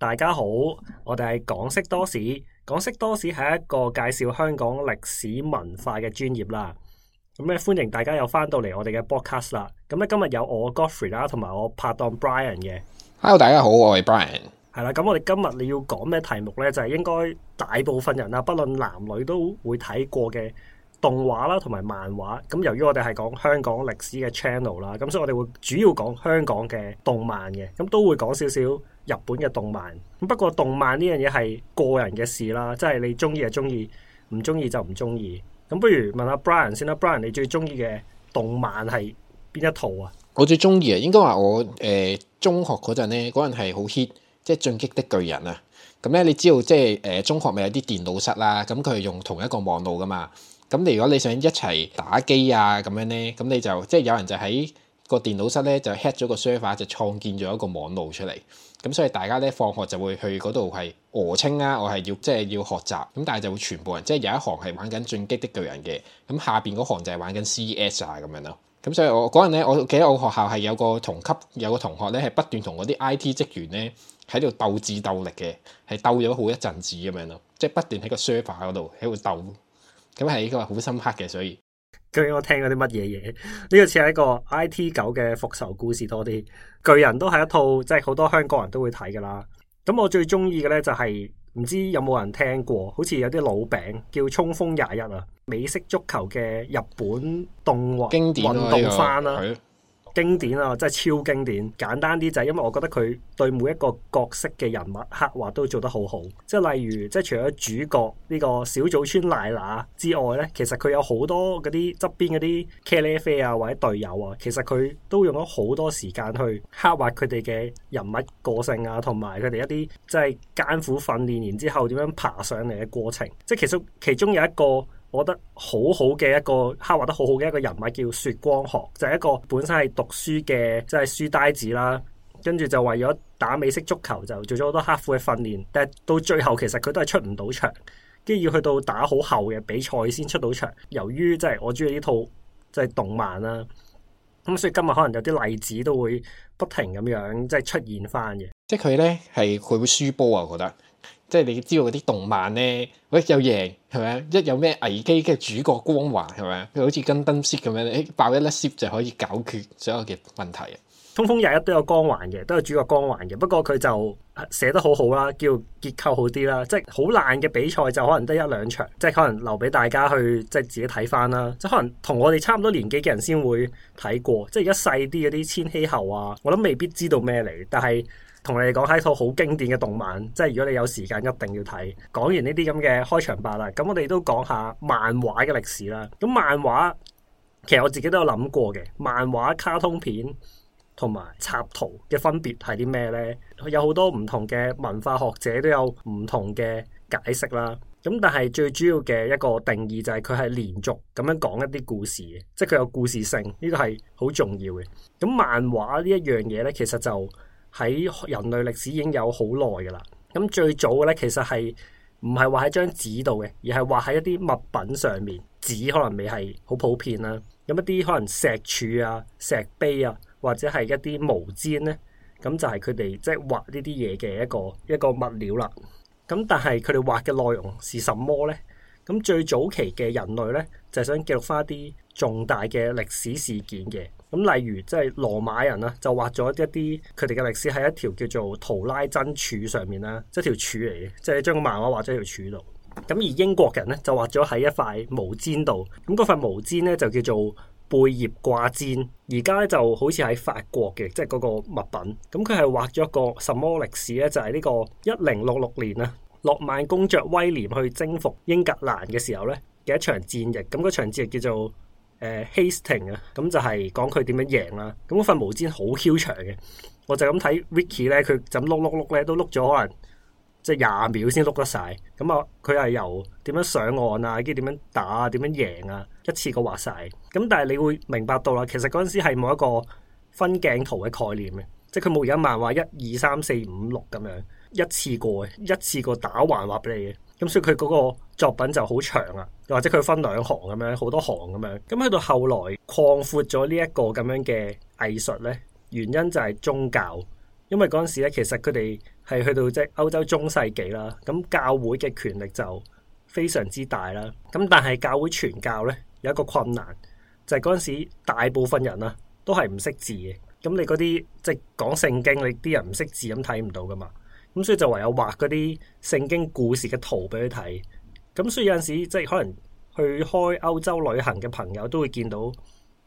大家好，我哋係港識多史，港識多史係一個介紹香港歷史文化嘅專業啦。咁咧，歡迎大家又翻到嚟我哋嘅 broadcast 啦。咁咧，今日有我 Godfrey 啦，同埋我拍檔 Brian 嘅。Hello，大家好，我係 Brian。係啦，咁我哋今日你要講咩題目咧？就係、是、應該大部分人啦，不論男女都會睇過嘅動畫啦，同埋漫畫。咁由於我哋係講香港歷史嘅 channel 啦，咁所以我哋會主要講香港嘅動漫嘅，咁都會講少少。日本嘅動漫，不過動漫呢樣嘢係個人嘅事啦，即係你中意就中意，唔中意就唔中意。咁不如問，問下 Brian 先啦，Brian 你最中意嘅動漫係邊一套啊？我最中意啊，應該話我誒、呃、中學嗰陣咧，嗰陣係好 hit，即係進擊的巨人啊。咁咧，你知道即係誒中學咪有啲電腦室啦，咁佢係用同一個網路噶嘛。咁你如果你想一齊打機啊咁樣咧，咁你就即係有人就喺個電腦室咧就 hit 咗個 server 就創建咗一個網絡出嚟，咁所以大家咧放學就會去嗰度係俄青啦。我係要即係、就是、要學習，咁但係就會全部人即係有一行係玩緊進擊的巨人嘅，咁下邊嗰行就係玩緊 C.S. 啊咁樣咯，咁所以我嗰陣咧，我記得我學校係有個同級有個同學咧係不斷同嗰啲 I.T. 職員咧喺度鬥智鬥力嘅，係鬥咗好一陣子咁樣咯，即係不斷喺個 server 嗰度喺度鬥，咁係呢個好深刻嘅，所以。究竟我聽嗰啲乜嘢嘢？呢個似係一個 I T 狗嘅復仇故事多啲。巨人都係一套，即係好多香港人都會睇噶啦。咁我最中意嘅呢，就係唔知有冇人聽過，好似有啲老餅叫《衝鋒廿一》啊，美式足球嘅日本動畫經典啊運動番啊。經典啊，真係超經典！簡單啲就係，因為我覺得佢對每一個角色嘅人物刻畫都做得好好。即係例如，即係除咗主角呢個小祖村賴娜之外呢，其實佢有好多嗰啲側邊嗰啲茄喱啡啊，或者隊友啊，其實佢都用咗好多時間去刻畫佢哋嘅人物個性啊，同埋佢哋一啲即係艱苦訓練，然之後點樣爬上嚟嘅過程。即係其實其中有一個。我覺得好好嘅一個刻畫得好好嘅一個人物叫雪光學，就係、是、一個本身係讀書嘅即係書呆子啦，跟住就為咗打美式足球就做咗好多刻苦嘅訓練，但係到最後其實佢都係出唔到場，跟住要去到打好後嘅比賽先出到場。由於即係我中意呢套即係、就是、動漫啦、啊，咁所以今日可能有啲例子都會不停咁樣即係出現翻嘅。即係佢呢係佢會輸波啊，我覺得。即係你知道嗰啲動漫咧，喂又贏係咪？一有咩危機嘅主角光環係咪？佢好似跟 Gundam Seed 咁樣，誒爆一粒 Seed 就可以解決所有嘅問題。通風日日都有光環嘅，都有主角光環嘅。不過佢就寫得好好啦，叫結構好啲啦。即係好爛嘅比賽就可能得一兩場，即係可能留俾大家去即係自己睇翻啦。即係可能同我哋差唔多年紀嘅人先會睇過。即係而家細啲嗰啲千禧後啊，我諗未必知道咩嚟，但係。同你哋講係一套好經典嘅動漫，即係如果你有時間一定要睇。講完呢啲咁嘅開場白啦，咁我哋都講下漫畫嘅歷史啦。咁漫畫其實我自己都有諗過嘅，漫畫、卡通片同埋插圖嘅分別係啲咩呢？有好多唔同嘅文化學者都有唔同嘅解釋啦。咁但係最主要嘅一個定義就係佢係連續咁樣講一啲故事，即係佢有故事性，呢個係好重要嘅。咁漫畫呢一樣嘢呢，其實就。喺人類歷史已經有好耐㗎啦。咁最早嘅咧，其實係唔係畫喺張紙度嘅，而係畫喺一啲物品上面。紙可能未係好普遍啦。咁一啲可能石柱啊、石碑啊，或者係一啲毛氈咧，咁就係佢哋即係畫呢啲嘢嘅一個一個物料啦。咁但係佢哋畫嘅內容係什麼咧？咁最早期嘅人類咧，就係、是、想記錄返一啲重大嘅歷史事件嘅。咁例如即係羅馬人啦，就畫咗一啲佢哋嘅歷史喺一條叫做圖拉真柱上面啦，即係條柱嚟嘅，即係將個漫畫畫咗條柱度。咁而英國人咧就畫咗喺一塊毛氈度，咁嗰塊毛氈咧就叫做貝葉掛氈。而家咧就好似喺法國嘅，即係嗰個物品。咁佢係畫咗個什麼歷史咧？就係呢個一零六六年啊，諾曼公爵威廉去征服英格蘭嘅時候咧嘅一場戰役。咁嗰場戰役叫做。誒、呃、Hasting 啊，咁就係講佢點樣贏啦。咁嗰份毛氈好囂長嘅，我就咁睇 Vicky 咧，佢就碌碌碌咧，都碌咗可能即係廿秒先碌得晒。咁啊，佢係由點樣上岸啊，跟住點樣打啊，點樣贏啊，一次過畫晒。咁但係你會明白到啦，其實嗰陣時係冇一個分鏡圖嘅概念嘅，即係佢冇而家漫畫一二三四五六咁樣一次過嘅，一次過打橫畫俾你嘅。咁所以佢嗰、嗰個。作品就好長啦，或者佢分兩行咁樣，好多行咁樣。咁去到後來擴闊咗呢一個咁樣嘅藝術呢，原因就係宗教。因為嗰陣時呢，其實佢哋係去到即係歐洲中世紀啦。咁教會嘅權力就非常之大啦。咁但係教會傳教呢，有一個困難，就係嗰陣時大部分人啊都係唔識字嘅。咁你嗰啲即係講聖經，你啲人唔識字咁睇唔到㗎嘛。咁所以就唯有畫嗰啲聖經故事嘅圖俾佢睇。咁所以有陣時，即係可能去開歐洲旅行嘅朋友都會見到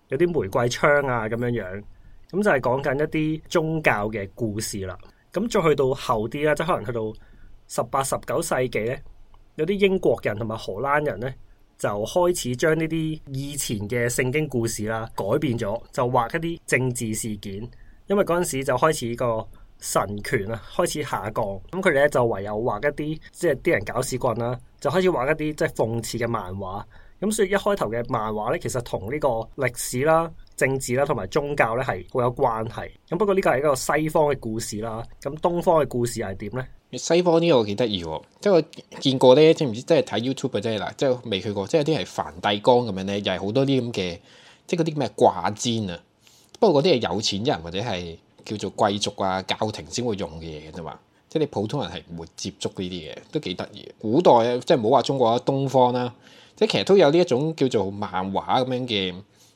有啲玫瑰窗啊咁樣樣，咁就係講緊一啲宗教嘅故事啦。咁再去到後啲啦，即係可能去到十八十九世紀咧，有啲英國人同埋荷蘭人咧就開始將呢啲以前嘅聖經故事啦改變咗，就畫一啲政治事件，因為嗰陣時就開始個。神權啊，開始下降，咁佢哋咧就唯有畫一啲，即係啲人搞屎棍啦，就開始畫一啲即係諷刺嘅漫畫，咁所以一開頭嘅漫畫咧，其實同呢個歷史啦、政治啦同埋宗教咧係好有關係。咁不過呢個係一個西方嘅故事啦，咁東方嘅故事係點咧？西方呢個幾得意喎，即係我見過咧，即係唔知真係睇 YouTube 嘅，即係嗱，即係未去過，即係有啲係梵蒂岡咁樣咧，又係好多啲咁嘅，即係嗰啲咩掛纖啊，不過嗰啲係有錢人或者係。叫做貴族啊、教廷先會用嘅嘢啫嘛，即係你普通人係唔會接觸呢啲嘢，都幾得意。古代即係唔好話中國啦，東方啦、啊，即係其實都有呢一種叫做漫畫咁樣嘅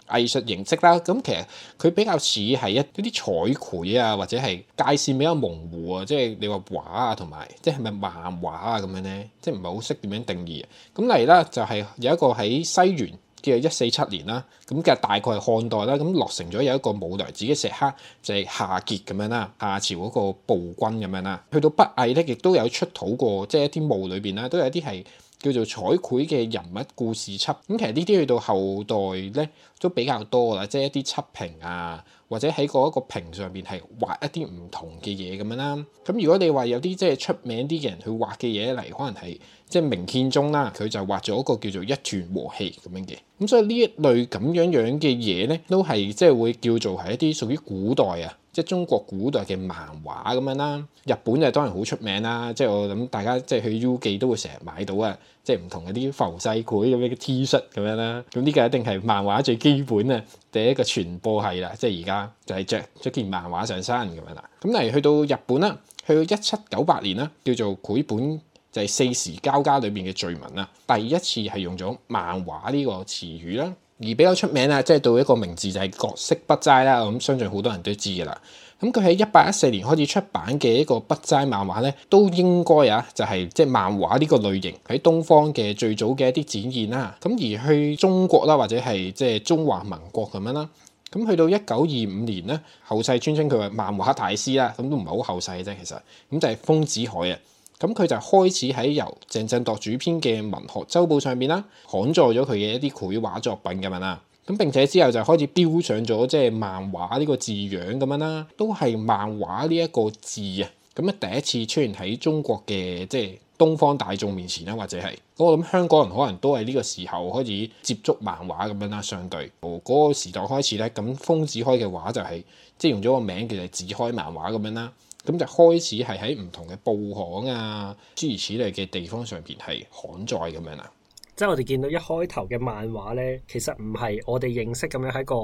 藝術形式啦。咁、嗯、其實佢比較似係一啲啲彩繪啊，或者係界線比較模糊啊。即係你話畫啊，同埋即係咪漫畫啊咁樣咧，即係唔係好識點樣定義。咁、嗯、例如啦，就係、是、有一個喺西元。嘅一四七年啦，咁其實大概係漢代啦，咁落成咗有一個武梁祠嘅石刻，就係夏桀咁樣啦，夏朝嗰個暴君咁樣啦，去到北魏咧，亦都有出土過，即係一啲墓裏邊啦，都有一啲係叫做彩繪嘅人物故事輯，咁其實呢啲去到後代咧都比較多啦，即係一啲漆屏啊，或者喺個一個屏上邊係畫一啲唔同嘅嘢咁樣啦，咁如果你話有啲即係出名啲嘅人去畫嘅嘢嚟，可能係。即係明憲宗啦，佢就畫咗一個叫做一團和氣咁樣嘅，咁所以呢一類咁樣樣嘅嘢咧，都係即係會叫做係一啲屬於古代啊，即係中國古代嘅漫畫咁樣啦。日本就當然好出名啦，即係我諗大家即係去 U 記都會成日買到啊，即係唔同嗰啲浮世繪咁樣嘅 T 恤咁樣啦。咁呢個一定係漫畫最基本啊，第一個傳播係啦，即係而家就係着著件漫畫上身咁樣啦。咁嚟去到日本啦，去到一七九八年啦，叫做繪本。就係四時交加裏邊嘅罪文啦。第一次係用咗漫畫呢個詞語啦，而比較出名啊，即係到一個名字就係《葛飾北齋》啦。咁相信好多人都知噶啦。咁佢喺一八一四年開始出版嘅一個北齋漫畫咧，都應該啊，就係即係漫畫呢個類型喺東方嘅最早嘅一啲展現啦。咁而去中國啦，或者係即係中華民國咁樣啦。咁去到一九二五年咧，後世尊稱佢為漫畫大師啦。咁都唔係好後世嘅啫，其實咁就係豐子愷啊。咁佢就開始喺由鄭振鐸主編嘅文學週報上面啦，刊載咗佢嘅一啲繪畫作品咁樣啦。咁並且之後就開始標上咗即係漫畫呢個字樣咁樣啦，都係漫畫呢一個字啊。咁啊第一次出現喺中國嘅即係東方大眾面前啦，或者係咁我諗香港人可能都係呢個時候開始接觸漫畫咁樣啦。相對由嗰個時代開始咧，咁豐子愷嘅畫就係即係用咗個名叫做子愷漫畫咁樣啦。咁就開始係喺唔同嘅報刊啊，諸如此類嘅地方上邊係刊載咁樣啦。即係我哋見到一開頭嘅漫畫咧，其實唔係我哋認識咁樣係個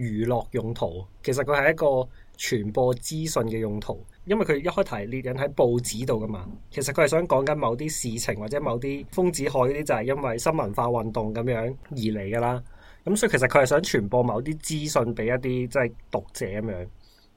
娛樂用途，其實佢係一個傳播資訊嘅用途。因為佢一開頭係列緊喺報紙度噶嘛，其實佢係想講緊某啲事情或者某啲豐子愷嗰啲，就係、是、因為新文化運動咁樣而嚟噶啦。咁所以其實佢係想傳播某啲資訊俾一啲即係讀者咁樣。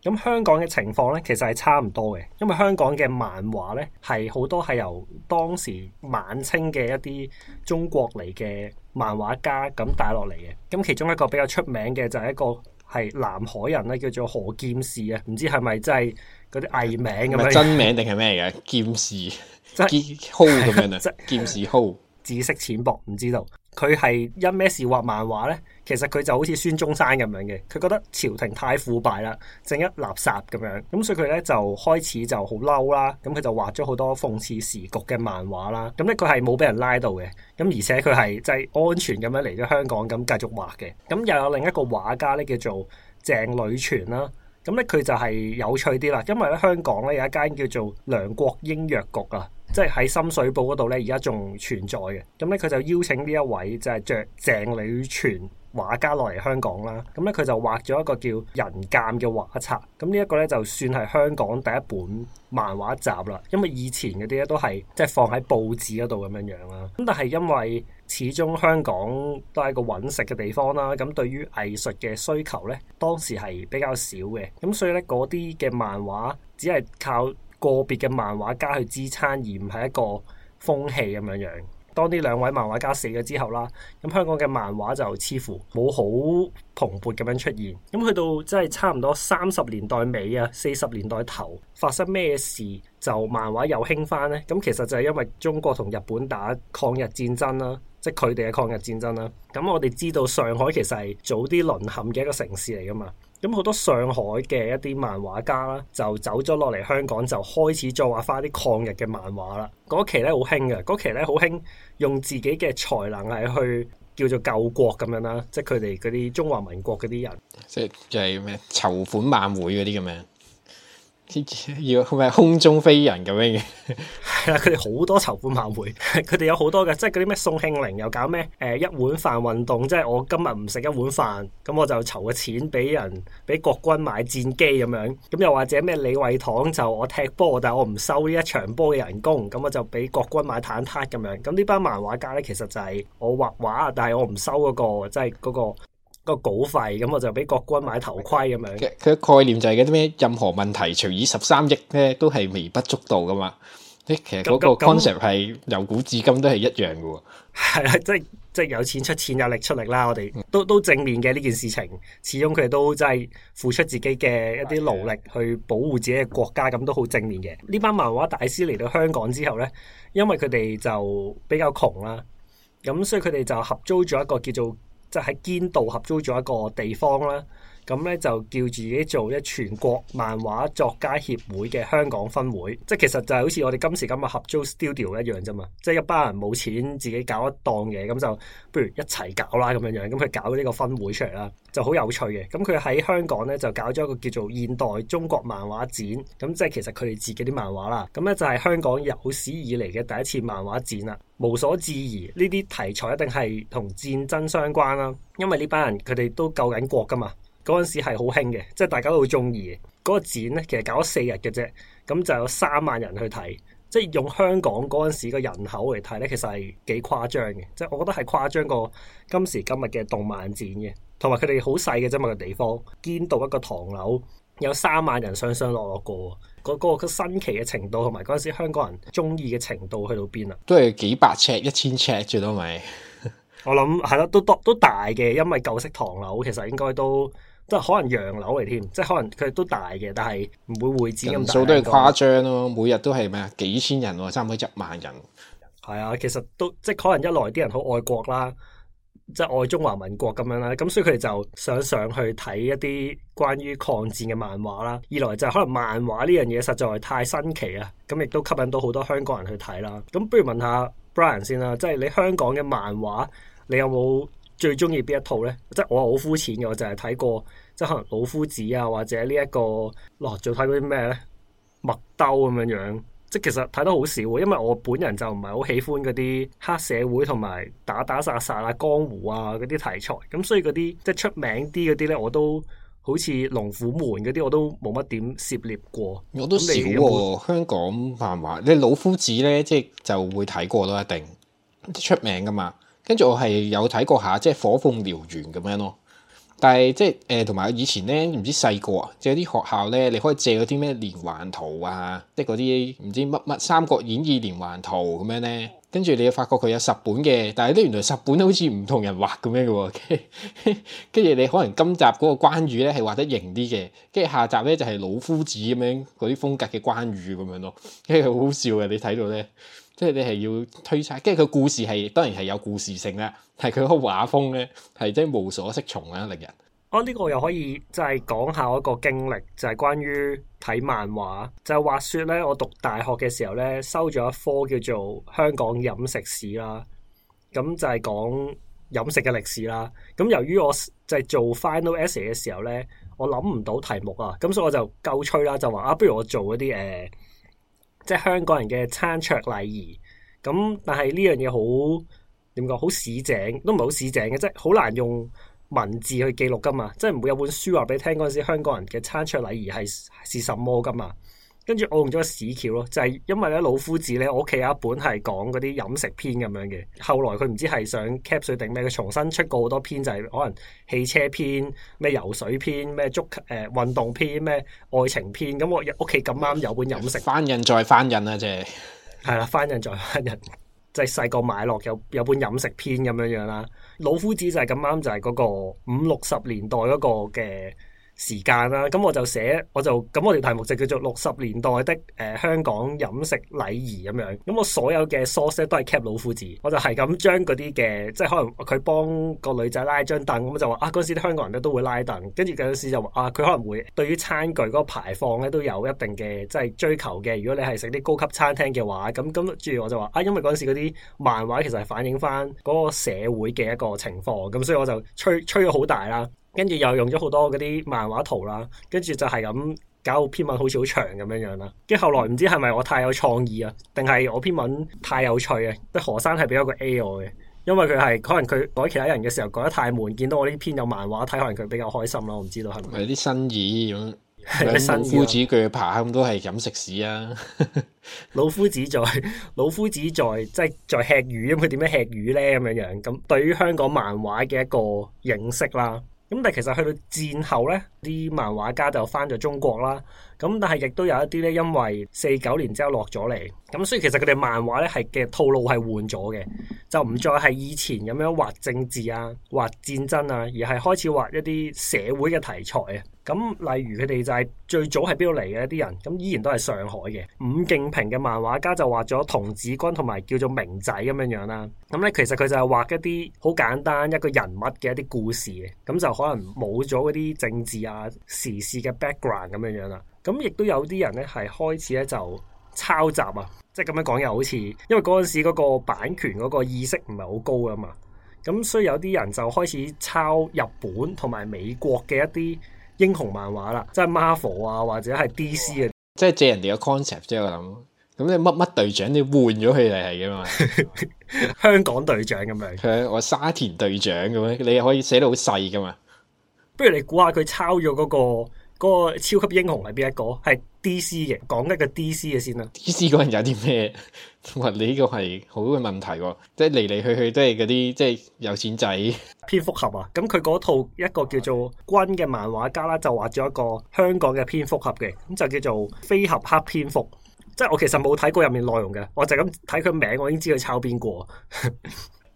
咁香港嘅情況咧，其實係差唔多嘅，因為香港嘅漫畫咧係好多係由當時晚清嘅一啲中國嚟嘅漫畫家咁帶落嚟嘅。咁其中一個比較出名嘅就係一個係南海人咧，叫做何劍士啊，唔知係咪真係嗰啲藝名咁樣？係咪真名定係咩嚟嘅？ 劍士，即係劍豪咁樣啊？ 劍士豪，知識淺薄，唔知道。佢係因咩事畫漫畫呢？其實佢就好似孫中山咁樣嘅，佢覺得朝廷太腐敗啦，正一垃圾咁樣，咁所以佢呢就開始就好嬲啦，咁佢就畫咗好多諷刺時局嘅漫畫啦。咁呢，佢係冇俾人拉到嘅，咁而且佢係就係安全咁樣嚟咗香港咁繼續畫嘅。咁又有另一個畫家呢，叫做鄭磊泉啦。咁咧佢就係有趣啲啦，因為咧香港咧有一間叫做梁國英藥局啊，即係喺深水埗嗰度咧而家仲存在嘅。咁咧佢就邀請呢一位就係著鄭女泉。畫家落嚟香港啦，咁咧佢就畫咗一個叫《人間》嘅畫冊，咁呢一個咧就算係香港第一本漫畫集啦，因為以前嗰啲咧都係即係放喺報紙嗰度咁樣樣啦，咁但係因為始終香港都係個揾食嘅地方啦，咁對於藝術嘅需求呢，當時係比較少嘅，咁所以咧嗰啲嘅漫畫只係靠個別嘅漫畫家去支撐，而唔係一個風氣咁樣樣。當呢兩位漫畫家死咗之後啦，咁香港嘅漫畫就似乎冇好蓬勃咁樣出現。咁去到即係差唔多三十年代尾啊，四十年代頭發生咩事就漫畫又興返呢？咁其實就係因為中國同日本打抗日戰爭啦，即係佢哋嘅抗日戰爭啦。咁我哋知道上海其實係早啲淪陷嘅一個城市嚟㗎嘛。咁好，嗯，多上海嘅一啲漫畫家啦，就走咗落嚟香港，就開始再畫翻啲抗日嘅漫畫啦。嗰期咧好興嘅，嗰期咧好興用自己嘅才能嚟去叫做救國咁樣啦，即係佢哋嗰啲中華民國嗰啲人，即係即係咩籌款晚會嗰啲咁樣。要唔係空中飛人咁樣嘅？係啦，佢哋好多籌款晚會，佢哋有好多嘅，即係嗰啲咩宋慶齡又搞咩？誒、呃、一碗飯運動，即係我今日唔食一碗飯，咁我就籌個錢俾人俾國軍買戰機咁樣。咁又或者咩李惠堂就我踢波，但係我唔收呢一場波嘅人工，咁我就俾國軍買坦克咁樣。咁呢班漫畫家咧，其實就係我畫畫，但係我唔收嗰、嗰個，即係嗰個。個稿費，咁我就俾國軍買頭盔咁樣。佢嘅概念就係嗰啲咩，任何問題除以十三億咧，都係微不足道噶嘛。你其實嗰個 concept 係由古至今都係一樣噶喎。係啊，即係即係有錢出錢，有力出力啦。我哋、嗯、都都正面嘅呢件事情，始終佢哋都即係付出自己嘅一啲努力去保護自己嘅國家，咁都好正面嘅。呢、嗯、班漫畫大師嚟到香港之後咧，因為佢哋就比較窮啦，咁所以佢哋就合租咗一個叫做。即係喺堅道合租咗一個地方啦。咁咧就叫自己做一全國漫畫作家協會嘅香港分會，即係其實就係好似我哋今時今日合租 studio 一樣啫嘛。即係一班人冇錢，自己搞一檔嘢，咁就不如一齊搞啦，咁樣樣咁佢搞呢個分會出嚟啦，就好有趣嘅。咁佢喺香港咧就搞咗一個叫做現代中國漫畫展，咁即係其實佢哋自己啲漫畫啦。咁咧就係香港有史以嚟嘅第一次漫畫展啦，無所置疑呢啲題材一定係同戰爭相關啦，因為呢班人佢哋都救緊國噶嘛。嗰陣時係好興嘅，即係大家都中意嘅。嗰、那個展咧，其實搞咗四日嘅啫，咁就有三萬人去睇，即係用香港嗰陣時個人口嚟睇咧，其實係幾誇張嘅。即係我覺得係誇張過今時今日嘅動漫展嘅，同埋佢哋好細嘅啫物嘅地方，堅道一個唐樓有三萬人上上落落過，嗰、那個新奇嘅程度同埋嗰陣時香港人中意嘅程度去到邊啊？都係幾百尺、一千尺最多咪？ 我諗係咯，都多都，都大嘅，因為舊式唐樓其實應該都。即係都可能洋樓嚟添，即係可能佢哋都大嘅，但係唔會會展咁大。人數都係誇張咯，每日都係咩啊？幾千人喎、哦，差唔多一萬人。係啊，其實都即係可能一來啲人好愛國啦，即係愛中華民國咁樣啦，咁所以佢哋就想上去睇一啲關於抗戰嘅漫畫啦。二來就係可能漫畫呢樣嘢實在太新奇啊，咁亦都吸引到好多香港人去睇啦。咁不如問，問下 Brian 先啦，即係你香港嘅漫畫，你有冇？最中意邊一套咧？即係我好膚淺嘅，我就係睇過即係可能《老夫子》啊，或者呢一個，嗱仲睇過啲咩咧？《麥兜》咁樣樣，即係其實睇得好少，因為我本人就唔係好喜歡嗰啲黑社會同埋打打殺殺啊、江湖啊嗰啲題材。咁所以嗰啲即係出名啲嗰啲咧，我都好似《龍虎門》嗰啲，我都冇乜點涉獵過。我都少喎，嗯、香港漫畫。你《老夫子》咧，即係就會睇過咯，一定出名㗎嘛。跟住我係有睇過下，即係火鳳燎原咁樣咯。但係即係誒，同、呃、埋以前咧，唔知細個啊，即係啲學校咧，你可以借嗰啲咩連環圖啊，即嗰啲唔知乜乜《三國演義》連環圖咁樣咧。跟住你又發覺佢有十本嘅，但係咧原來十本都好似唔同人畫咁樣嘅喎。跟 住你可能今集嗰個關羽咧係畫得型啲嘅，跟住下集咧就係老夫子咁樣嗰啲風格嘅關羽咁樣咯，跟住好好笑嘅，你睇到咧。即係你係要推測，跟住佢故事係當然係有故事性咧，係佢嗰個畫風咧，係真無所適從啊，令人。哦、啊，呢、這個又可以即係講下我一個經歷，就係、是、關於睇漫畫。就話、是、說咧，我讀大學嘅時候咧，收咗一科叫做香港飲食史啦，咁就係講飲食嘅歷史啦。咁由於我就係做 final essay 嘅時候咧，我諗唔到題目啊，咁所以我就夠吹啦，就話啊，不如我做一啲誒。呃即係香港人嘅餐桌禮儀，咁但係呢樣嘢好，點講？好市井都唔係好市井嘅，即係好難用文字去記錄㗎嘛，即係唔會有本書話畀你聽嗰陣時，香港人嘅餐桌禮儀係係，係什麼㗎嘛。跟住我用咗個屎橋咯，就係、是、因為咧老夫子咧，我屋企有一本係講嗰啲飲食篇咁樣嘅。後來佢唔知係想 cap 水定咩，佢重新出過好多篇，就係、是、可能汽車篇、咩游水篇、咩足誒、呃、運動篇、咩愛情篇。咁我屋企咁啱有本飲食翻印再翻印啦、啊，即係係啦，翻印再翻印，即係細個買落有有本飲食篇咁樣樣啦。老夫子就係咁啱，就係嗰個五六十年代嗰個嘅。時間啦，咁我就寫，我就咁我條題目就叫做六十年代的誒香港飲食禮儀咁樣。咁我所有嘅 source 都係 cap 老夫子，我就係咁將嗰啲嘅，即係可能佢幫個女仔拉張凳，咁就話啊嗰時啲香港人咧都會拉凳，跟住嗰陣時就話啊佢可能會對於餐具嗰個排放咧都有一定嘅即係追求嘅。如果你係食啲高級餐廳嘅話，咁咁，跟住我就話啊，因為嗰陣時嗰啲漫畫其實係反映翻嗰個社會嘅一個情況，咁所以我就吹吹咗好大啦。跟住又用咗好多嗰啲漫畫圖啦，跟住就係咁搞到篇文好，好似好長咁樣樣啦。跟後來唔知係咪我太有創意啊，定係我篇文太有趣啊？即何生係俾一個 A 我嘅，因為佢係可能佢改其他人嘅時候改得太悶，見到我呢篇有漫畫睇，可能佢比較開心啦。我唔知道係咪有啲新意咁，老夫子鋸扒咁都係飲食屎啊 老，老夫子在老夫子在即在吃魚，咁佢點樣吃魚咧？咁樣樣咁，對於香港漫畫嘅一個認識啦。咁但係其實去到戰後咧，啲漫畫家就翻咗中國啦。咁但係亦都有一啲咧，因為四九年之後落咗嚟，咁所以其實佢哋漫畫咧係嘅套路係換咗嘅，就唔再係以前咁樣畫政治啊、畫戰爭啊，而係開始畫一啲社會嘅題材啊。咁例如佢哋就係最早係邊度嚟嘅一啲人，咁依然都係上海嘅。伍敬平嘅漫畫家就畫咗童子軍同埋叫做明仔咁樣樣啦。咁咧其實佢就係畫一啲好簡單一個人物嘅一啲故事嘅，咁就可能冇咗嗰啲政治啊時事嘅 background 咁樣樣啦。咁亦都有啲人咧，係開始咧就抄襲啊！即係咁樣講，又好似因為嗰陣時嗰個版權嗰個意識唔係好高啊嘛。咁所以有啲人就開始抄日本同埋美國嘅一啲英雄漫畫啦，即係 Marvel 啊，或者係 DC 啊，即係借人哋嘅 concept 即啫。我諗，咁你乜乜隊長，你換咗佢嚟係噶嘛？ 香港隊長咁樣， 我沙田隊長咁樣，你又可以寫得好細噶嘛？不如你估下佢抄咗嗰、嗰個？嗰個超級英雄係邊一個？係 D.C. 嘅，講一個 D.C. 嘅先啦。D.C. 嗰人有啲咩？哇！你、這、呢個係好嘅問題喎，啊，即係嚟嚟去去都係嗰啲即係有錢仔蝙蝠俠啊。咁佢嗰套一個叫做軍嘅漫畫家啦，就畫咗一個香港嘅蝙蝠俠嘅，咁就叫做飛俠黑蝙蝠。即係我其實冇睇過入面內容嘅，我就咁睇佢名，我已經知佢抄邊個。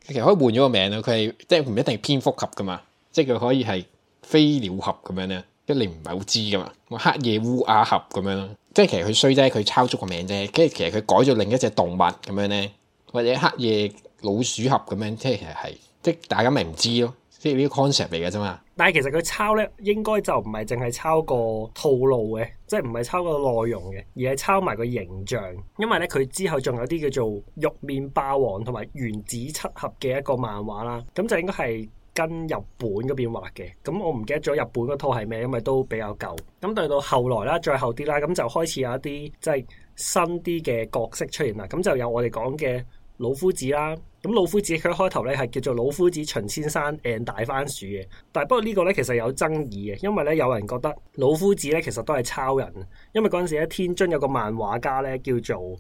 其實可以換咗個名啊，佢係即係唔一定係蝙蝠俠噶嘛，即係佢可以係飛鳥俠咁樣咧。即係你唔係好知噶嘛？黑夜烏鴉俠咁樣咯，即係其實佢衰啫，佢抄足個名啫。跟住其實佢改咗另一隻動物咁樣咧，或者黑夜老鼠俠咁樣，即係其實係即係大家咪唔知咯，即係呢個 concept 嚟嘅啫嘛。但係其實佢抄咧，應該就唔係淨係抄個套路嘅，即係唔係抄個內容嘅，而係抄埋個形象。因為咧，佢之後仲有啲叫做《玉面霸王》同埋《原子七俠》嘅一個漫畫啦，咁就應該係。跟日本嗰邊畫嘅咁，我唔記得咗日本嗰套係咩，因為都比較舊。咁到到後來啦，最後啲啦，咁就開始有一啲即係新啲嘅角色出現啦。咁就有我哋講嘅老夫子啦。咁老夫子佢開頭咧係叫做老夫子秦先生 and 大番薯嘅，但係不過個呢個咧其實有爭議嘅，因為咧有人覺得老夫子咧其實都係抄人，因為嗰陣時咧天津有個漫畫家咧叫做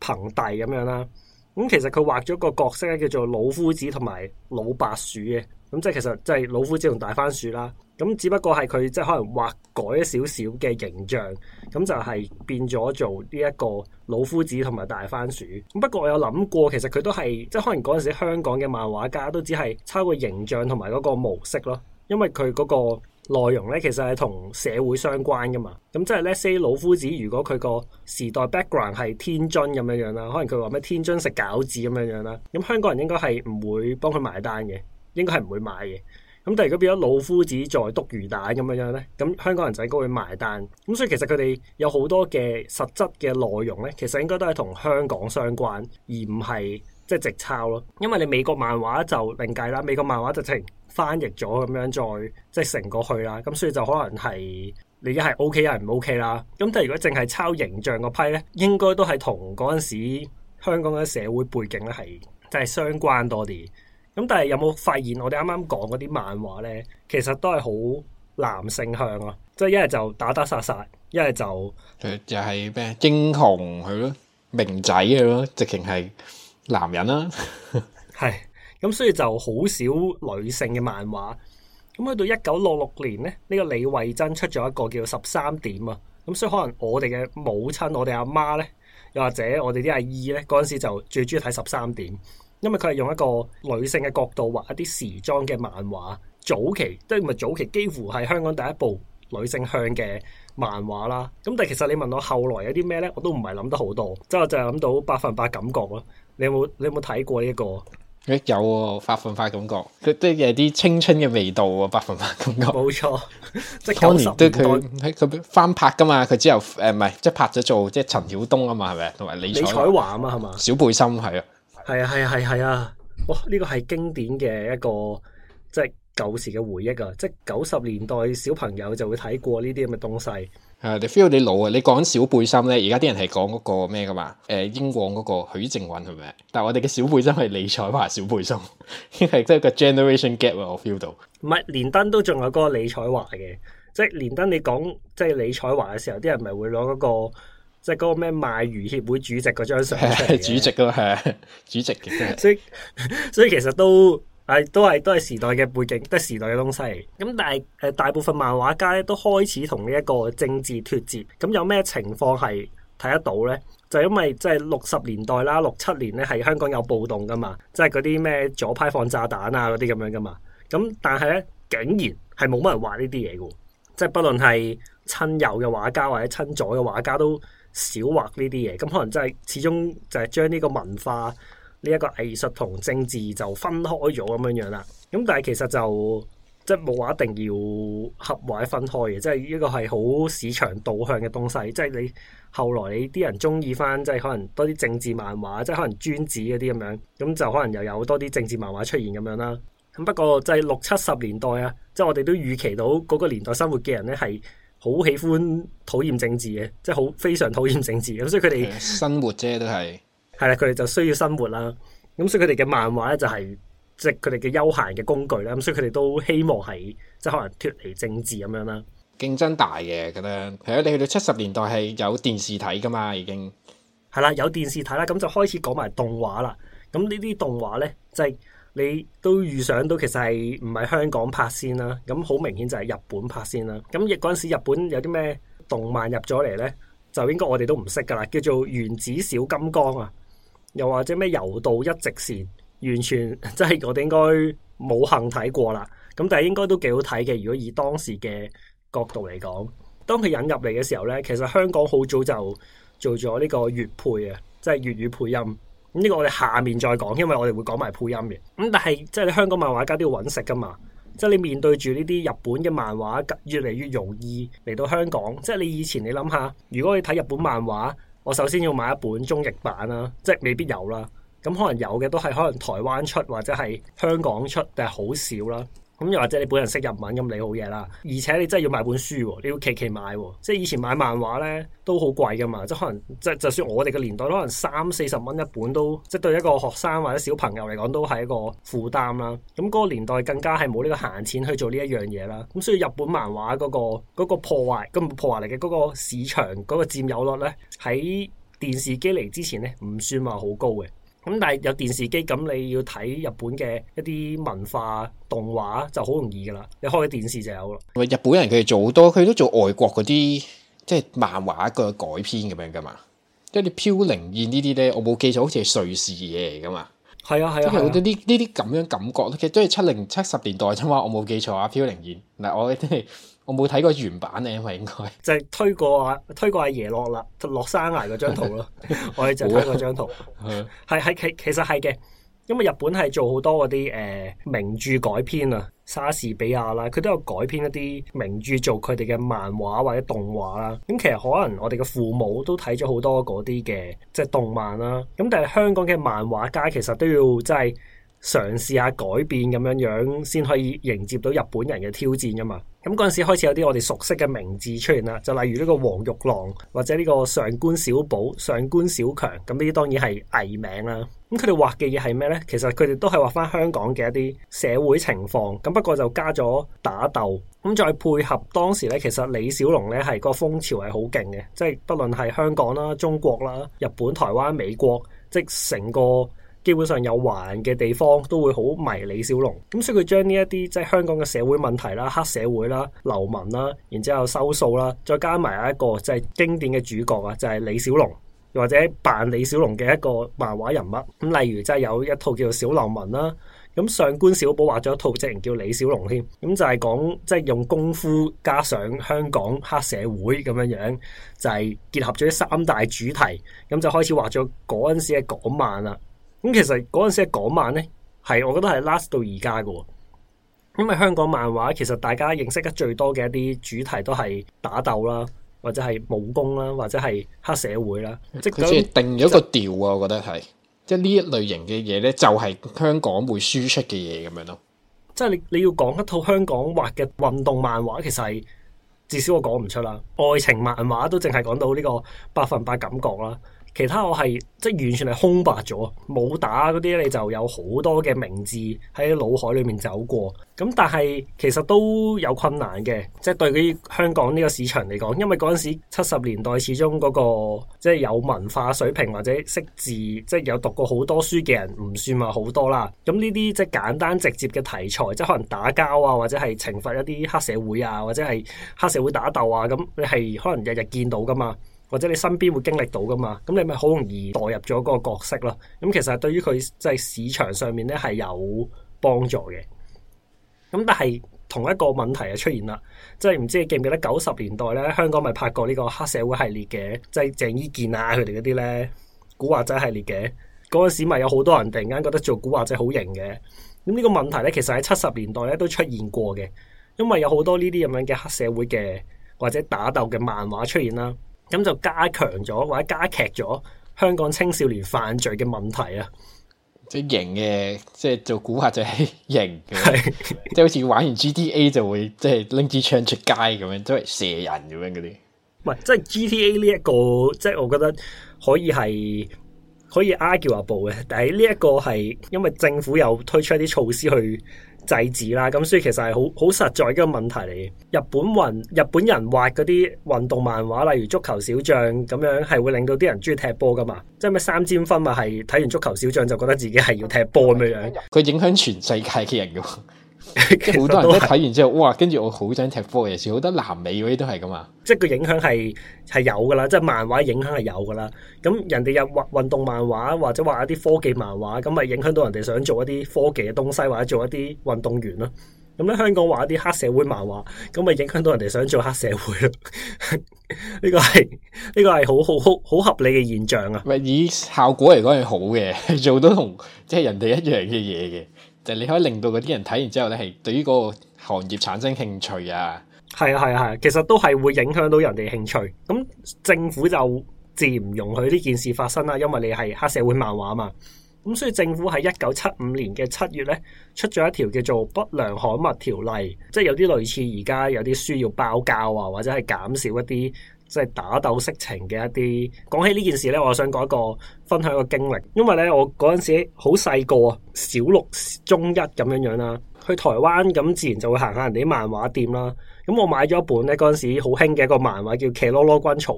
彭迪咁樣啦。咁其實佢畫咗個角色咧叫做老夫子同埋老白薯嘅。咁即係其實即係老夫子同大番薯啦。咁只不過係佢即係可能畫改咗少少嘅形象，咁就係變咗做呢一個老夫子同埋大番薯。咁不過我有諗過，其實佢都係即係可能嗰陣時香港嘅漫畫家都只係抄個形象同埋嗰個模式咯。因為佢嗰個內容咧，其實係同社會相關噶嘛。咁即係，let's say 老夫子如果佢個時代 background 係天津咁樣樣啦，可能佢話咩天津食餃子咁樣樣啦。咁香港人應該係唔會幫佢埋單嘅。應該係唔會買嘅，咁但係如果變咗老夫子再篤魚蛋咁樣咧，咁香港人仔都會埋單，咁所以其實佢哋有好多嘅實質嘅內容咧，其實應該都係同香港相關，而唔係即係直抄咯。因為你美國漫畫就另計啦，美國漫畫就直情翻譯咗咁樣再即係成過去啦，咁所以就可能係你而家係 O K 啊，唔 O K 啦。咁但係如果淨係抄形象嗰批咧，應該都係同嗰陣時香港嘅社會背景咧係即係相關多啲。咁但係有冇發現我哋啱啱講嗰啲漫畫咧，其實都係好男性向啊，即係一係就打打殺殺，一係就就係咩英雄佢咯，明仔佢咯，直情係男人啦，啊。係 ，咁所以就好少女性嘅漫畫。咁去到一九六六年咧，呢個李慧珍出咗一個叫《十三點》啊。咁所以可能我哋嘅母親，我哋阿媽咧，又或者我哋啲阿姨咧，嗰陣時就最中意睇《十三點》。因為佢係用一個女性嘅角度畫一啲時裝嘅漫畫，早期即係唔係早期幾乎係香港第一部女性向嘅漫畫啦。咁但係其實你問我後來有啲咩咧，我都唔係諗得好多，即係我就係諗到百分百感覺咯。你有冇你有冇睇過呢、這、一個？誒有、哦，百分百感覺，佢都有啲青春嘅味道啊！百分百感覺，冇沒錯， 即係當年佢佢翻拍噶嘛，佢之後誒唔係即係拍咗做即係陳曉東啊嘛，係咪同埋李李彩華啊嘛，係嘛小背心係啊。係啊係啊係係啊，啊！哇，呢個係經典嘅一個即係舊時嘅回憶啊！即係九十年代小朋友就會睇過呢啲咁嘅東西。係、uh，你 feel 你老啊！你講小背心咧，而家啲人係講嗰個咩噶嘛？誒、呃，英皇嗰個許靖韻係咪？但係我哋嘅小背心係李彩樺小背心，因為即係個 generation gap 我 feel 到。唔係，連登都仲有嗰個李彩樺嘅，即係連登你講即係李彩樺嘅時候，啲人咪會攞嗰個。即係嗰個咩賣魚協會主席嗰張相，係主席咯也，係啊，主席嘅。也。 所以所以其實都係都係都係時代嘅背景，都係時代嘅東西。咁但係誒大部分漫畫家咧都開始同呢一個政治脱節。咁有咩情況係睇得到咧？就係、因為即係六十年代啦，六七年咧係香港有暴動噶嘛，即係嗰啲咩左派放炸彈啊嗰啲咁樣噶嘛。咁但係咧竟然係冇乜人話呢啲嘢嘅，即、就、係、是、不論係親右嘅畫家或者親左嘅畫家都。少畫呢啲嘢，咁可能真係始終就係將呢個文化呢一個藝術同政治就分開咗咁樣樣啦。咁但係其實就即係冇話一定要合或分開嘅，即係呢個係好市場導向嘅東西。即係你後來你啲人中意翻，即係可能多啲政治漫畫，即係可能專子嗰啲咁樣，咁就可能又有多啲政治漫畫出現咁樣啦。咁不過即係六七十年代啊，即係我哋都預期到嗰個年代生活嘅人咧係。好喜歡討厭政治嘅，即係好非常討厭政治嘅，所以佢哋、嗯、生活啫都係係啦，佢哋就需要生活啦。咁所以佢哋嘅漫畫咧就係、是、即係佢哋嘅休閒嘅工具啦。咁所以佢哋都希望係即係可能脫離政治咁樣啦。競爭大嘅咁樣係啊，你去到七十年代係有電視睇㗎嘛，已經係啦，有電視睇啦，咁就開始講埋動畫啦。咁呢啲動畫咧即係。就係你都預想到其實係唔係香港拍先啦？咁好明顯就係日本拍先啦。咁亦嗰陣時日本有啲咩動漫入咗嚟呢，就應該我哋都唔識㗎喇，叫做原子小金剛啊，又或者咩柔道一直線，完全即係、就是、我哋應該冇幸睇過啦。咁但係應該都幾好睇嘅，如果以當時嘅角度嚟講，當佢引入嚟嘅時候呢，其實香港好早就做咗呢個粵配啊，即、就、係、是、粵語配音。呢個我哋下面再講，因為我哋會講埋配音嘅。咁，嗯，但係即係香港漫畫家都要揾食噶嘛，即係你面對住呢啲日本嘅漫畫，越嚟越容易嚟到香港。即係你以前你諗下，如果你睇日本漫畫，我首先要買一本中譯版啦，即係未必有啦。咁，嗯，可能有嘅都係可能台灣出或者係香港出，但係好少啦。咁又或者你本人識日文咁，你好嘢啦。而且你真係要買本書，你要期期買。即係以前買漫畫咧，都好貴噶嘛。即係可能，即係就算我哋嘅年代，可能三四十蚊一本都，即係對一個學生或者小朋友嚟講，都係一個負擔啦。咁嗰個年代更加係冇呢個閒錢去做呢一樣嘢啦。咁所以日本漫畫嗰個嗰個破壞，咁破壞嚟嘅嗰個市場嗰個佔有率咧，喺電視機嚟之前咧，唔算話好高嘅。咁但係有電視機，咁你要睇日本嘅一啲文化動畫就好容易噶啦。你開咗電視就有啦。喂，日本人佢哋做好多，佢都做外國嗰啲即係漫畫嘅改編咁樣噶嘛。即係你《飄零燕》呢啲咧，我冇記錯，好似係瑞士嘢嚟噶嘛。係啊係啊，即係嗰啲呢啲咁樣感覺都，即係七零七十年代啫嘛。我冇記錯啊，《飄零燕》嗱，我哋。我冇睇過原版咧，因為應該就係推過啊，推過阿爺落啦，落山崖嗰張圖咯， 我哋就睇過張圖。係係係，其實係嘅，因為日本係做好多嗰啲誒名著改編啊，莎士比亞啦，佢都有改編一啲名著做佢哋嘅漫畫或者動畫啦。咁其實可能我哋嘅父母都睇咗好多嗰啲嘅即係動漫啦。咁但係香港嘅漫畫家其實都要即係。嘗試下改變咁樣樣，先可以迎接到日本人嘅挑戰噶嘛。咁嗰陣時開始有啲我哋熟悉嘅名字出現啦，就例如呢個黃玉郎或者呢個上官小寶、上官小強，咁呢啲當然係藝名啦。咁佢哋畫嘅嘢係咩呢？其實佢哋都係畫翻香港嘅一啲社會情況，咁不過就加咗打鬥，咁再配合當時呢，其實李小龍呢係個風潮係好勁嘅，即係不論係香港啦、中國啦、日本、台灣、美國，即係成個。基本上有環嘅地方都會好迷李小龍咁，所以佢將呢一啲即係香港嘅社會問題啦、黑社會啦、流民啦，然之後收數啦，再加埋一個即係經典嘅主角啊，就係李小龍，或者扮李小龍嘅一個漫畫人物咁。例如即係有一套叫做《小流民》啦，咁上官小寶畫咗一套隻人叫李小龍添，咁就係講即係用功夫加上香港黑社會咁樣樣，就係結合咗三大主題咁，就開始畫咗嗰陣時嘅港漫啦。咁其實嗰陣時嘅港漫咧，係我覺得係 last 到而家㗎喎，因為香港漫畫其實大家認識得最多嘅一啲主題都係打鬥啦，或者係武功啦，或者係黑社會啦，即係定咗個調啊！實我覺得係，即係呢一類型嘅嘢咧，就係香港會輸出嘅嘢咁樣咯。即係你你要講一套香港畫嘅運動漫畫，其實係至少我講唔出啦。愛情漫畫都淨係講到呢個百分百感覺啦。其他我係即完全係空白咗，武打嗰啲你就有好多嘅名字喺腦海裏面走過。咁但係其實都有困難嘅，即係對於香港呢個市場嚟講，因為嗰陣時七十年代始終嗰個即係有文化水平或者識字，即係有讀過好多書嘅人唔算話好多啦。咁呢啲即係簡單直接嘅題材，即係可能打交啊，或者係懲罰一啲黑社會啊，或者係黑社會打鬥啊，咁你係可能日日見到噶嘛。或者你身邊會經歷到噶嘛？咁你咪好容易代入咗嗰個角色咯。咁、嗯、其實對於佢即係市場上面咧係有幫助嘅。咁、嗯、但係同一個問題就出現啦，即係唔知你記唔記得九十年代咧，香港咪拍過呢個黑社會系列嘅，即係鄭伊健啊佢哋嗰啲咧古惑仔系列嘅嗰陣時咪有好多人突然間覺得做古惑仔好型嘅。咁、嗯、呢、呢個問題咧，其實喺七十年代咧都出現過嘅，因為有好多呢啲咁樣嘅黑社會嘅或者打鬥嘅漫畫出現啦。咁就加強咗或者加劇咗香港青少年犯罪嘅問題啊！即係型嘅，即係做估客就係型， 即係好似玩完 G T A 就會即係拎支槍出街咁樣，都係射人咁樣嗰啲。唔係，即係 G T A 呢一個，即係我覺得可以係可以 argue 下布嘅，但係呢一個係因為政府又推出一啲措施去制止啦，咁所以其實係好好實在嘅問題嚟。日本運日本人畫嗰啲運動漫畫，例如足球小將咁樣，係會令到啲人鍾意踢波㗎嘛？即係咩三尖分，咪係睇完足球小將就覺得自己係要踢波咁樣。佢影響全世界嘅人㗎喎。 好多人都睇完之後，哇！跟住我好想踢波嘅時候，好多南美嗰啲都係咁啊。即係個影響係係有噶啦，即係漫畫影響係有噶啦。咁人哋畫運動漫畫或者畫一啲科技漫畫，咁咪影響到人哋想做一啲科技嘅東西，或者做一啲運動員囉。咁咧香港畫一啲黑社會漫畫，咁咪影響到人哋想做黑社會咯。呢 個係呢、呢個係好好好合理嘅現象啊。咪以效果嚟講係好嘅，做到同即係人哋一樣嘅嘢嘅。就係你可以令到嗰啲人睇完之後咧，係對於嗰個行業產生興趣啊！係啊，係啊，係，其實都係會影響到人哋興趣。咁政府就自然唔容許呢件事發生啦，因為你係黑社會漫畫嘛。咁所以政府喺一九七五年嘅七月咧，出咗一條叫做《不良刊物條例》，即係有啲類似而家有啲書要包教啊，或者係減少一啲。即係打鬥色情嘅一啲。講起呢件事呢，我想講一個分享一個經歷，因為呢，我嗰陣時好細個啊，小六中一咁樣樣啦，去台灣咁自然就會行下人哋啲漫畫店啦。咁、嗯、我買咗一本呢，嗰陣時好興嘅一個漫畫叫《騎囉囉軍曹》。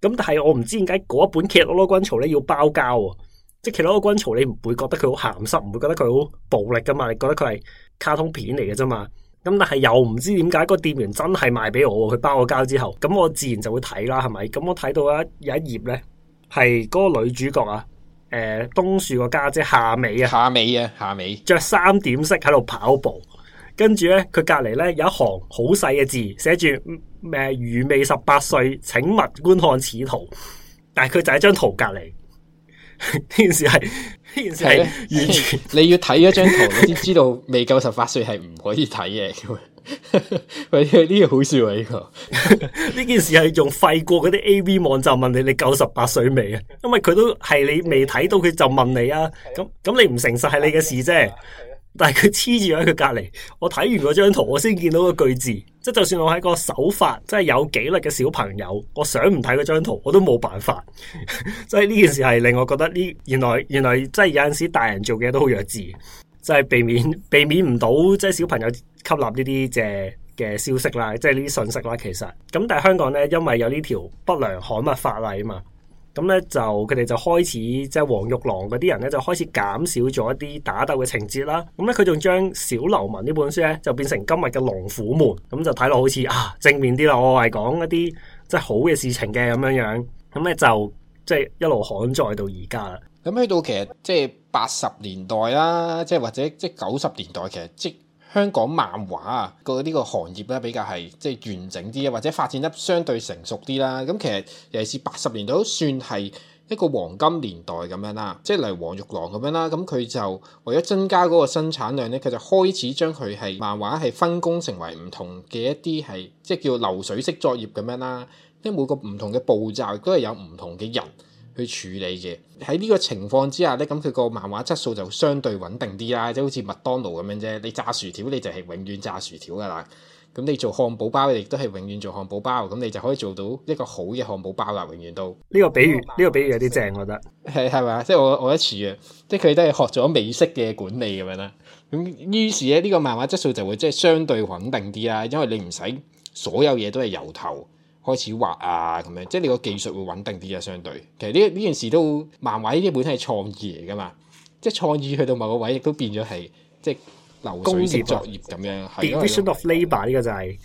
咁但係我唔知點解嗰一本《騎囉囉軍曹》呢要包膠啊！即係《騎囉囉軍曹》，你唔會覺得佢好鹹濕？唔會覺得佢好暴力噶嘛？你覺得佢係卡通片嚟嘅啫嘛？咁但係又唔知點解個店員真係賣俾我，佢包我膠之後，咁我自然就會睇啦，係咪？咁我睇到一有一頁咧，係嗰個女主角啊，誒東樹個家姐夏美啊，夏美啊，夏美啊夏美，着三點式喺度跑步，跟住咧佢隔籬咧有一行好細嘅字，寫住咩如未十八歲，請勿觀看此圖，但係佢就喺張圖隔籬。呢 件事係，呢件事係完全的 你要睇咗張圖，你先知道未夠十八歲係唔可以睇嘅。喂，呢個好笑啊，呢個呢件事係用廢過嗰啲 A. V. 網站問你，你夠十八歲未啊？因為佢都係你未睇到佢就問你啊。咁咁你唔誠實係你嘅事啫。 但係佢黐住喺佢隔籬，我睇完嗰張圖，我先見到個句字，即就算我係個守法，即係有紀律嘅小朋友，我想唔睇嗰張圖，我都冇辦法。 即係呢件事係令我覺得呢，原來原來即係有陣時大人做嘅嘢都好弱智，即係避免避免唔到，即係小朋友吸納呢啲嘅嘅消息啦，即係呢啲信息啦。其實咁，但係香港呢，因為有呢條不良刊物法例啊嘛。咁咧就佢哋就開始即係、就是、王玉郎嗰啲人咧就開始減少咗一啲打鬥嘅情節啦。咁咧佢仲將《小流氓》呢本書咧就變成今日嘅《龍虎門》，咁就睇落好似啊正面啲啦。我係講一啲即係好嘅事情嘅咁樣樣。咁咧就即係、就是、一路刊載到而家啦。咁去到其實即係八十年代啦，即係或者即係九十年代其實即。香港漫畫啊個呢個行業咧比較係即係完整啲，或者發展得相對成熟啲啦。咁其實尤其是八十年代都算係一個黃金年代咁樣啦。即係例如黃玉郎咁樣啦，咁佢就為咗增加嗰個生產量咧，佢就開始將佢係漫畫係分工成為唔同嘅一啲係即係叫流水式作業咁樣啦。即係每個唔同嘅步驟都係有唔同嘅人，去處理嘅喺呢個情況之下咧，咁佢個漫畫質素就相對穩定啲啦，即係好似麥當勞咁樣啫。你炸薯條你就係永遠炸薯條噶啦，咁你做漢堡包你亦都係永遠做漢堡包，咁你,你就可以做到一個好嘅漢堡包啦，永遠都。呢個比喻呢個,個比喻有啲正吧我覺得係係咪啊，即係我我一次嘅，即係佢都係學咗美式嘅管理咁樣啦。咁於是咧呢、呢個漫畫質素就會即係相對穩定啲啦，因為你唔使所有嘢都係由頭。開始畫啊咁樣，即係你個技術會穩定啲嘅相對。其實呢呢件事都漫畫呢啲本身係創意嚟㗎嘛，即係創意去到某個位亦都變咗係即係流水線作業咁樣。Definition of labour 呢個就係